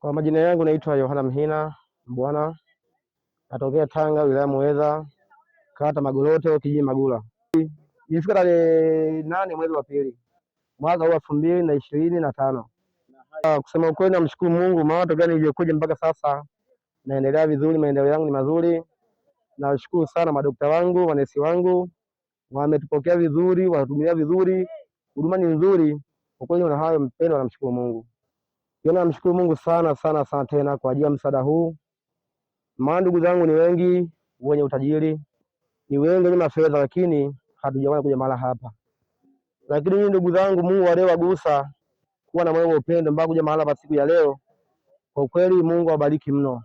Kwa majina yangu naitwa Yohana Mhina Mbwana, natokea Tanga, wilaya Muheza, kata Magoroto, kijiji Magula. Nilifika tarehe nane mwezi wa pili mwaka huu elfu mbili na ishirini na tano. Ah, kusema ukweli, namshukuru Mungu maana tokea nilivyokuja mpaka sasa naendelea vizuri, maendeleo yangu ni mazuri. Nashukuru sana madokta wangu, wanesi wangu wametupokea vizuri, wanatumia vizuri, huduma ni nzuri. Kwa kweli na hayo mpendo, namshukuru Mungu. Tena namshukuru Mungu sana sana sana tena kwa ajili ya msaada huu, maana ndugu zangu ni wengi wenye utajiri, ni wengi wenye mafedha, lakini hatujawahi kuja mahala hapa. Lakini hii ndugu zangu, Mungu aliyewagusa kuwa na moyo wa upendo mpaka kuja mahala hapa siku ya leo, kwa kweli Mungu awabariki mno,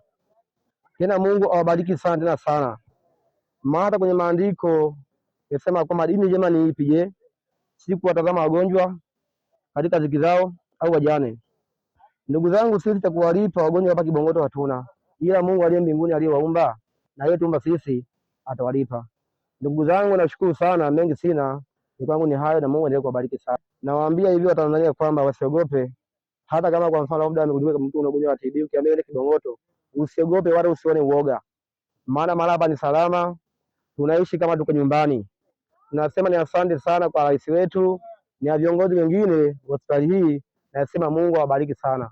tena Mungu awabariki sana tena sana, maana kwenye maandiko yasema kwamba dini jema ni ipi? Je, si kuwatazama wagonjwa katika ziki zao au wajane Ndugu zangu, sisi cha kuwalipa wagonjwa hapa Kibong'oto hatuna, ila Mungu aliye mbinguni aliyewaumba na yeye yetuumba sisi atawalipa. Ndugu zangu, nashukuru sana, mengi sina kwangu ni hayo, na Mungu endelee kuwabariki sana. Nawaambia hivyo Watanzania kwamba wasiogope, hata kama kwa mfano labda amegundulika mtu ana ugonjwa wa TB, ukiambia ile Kibong'oto, usiogope wala usione uoga, maana mara hapa ni salama, tunaishi kama tuko nyumbani. Tunasema ni asante sana kwa rais wetu na viongozi wengine wa hospitali hii, nasema Mungu awabariki sana.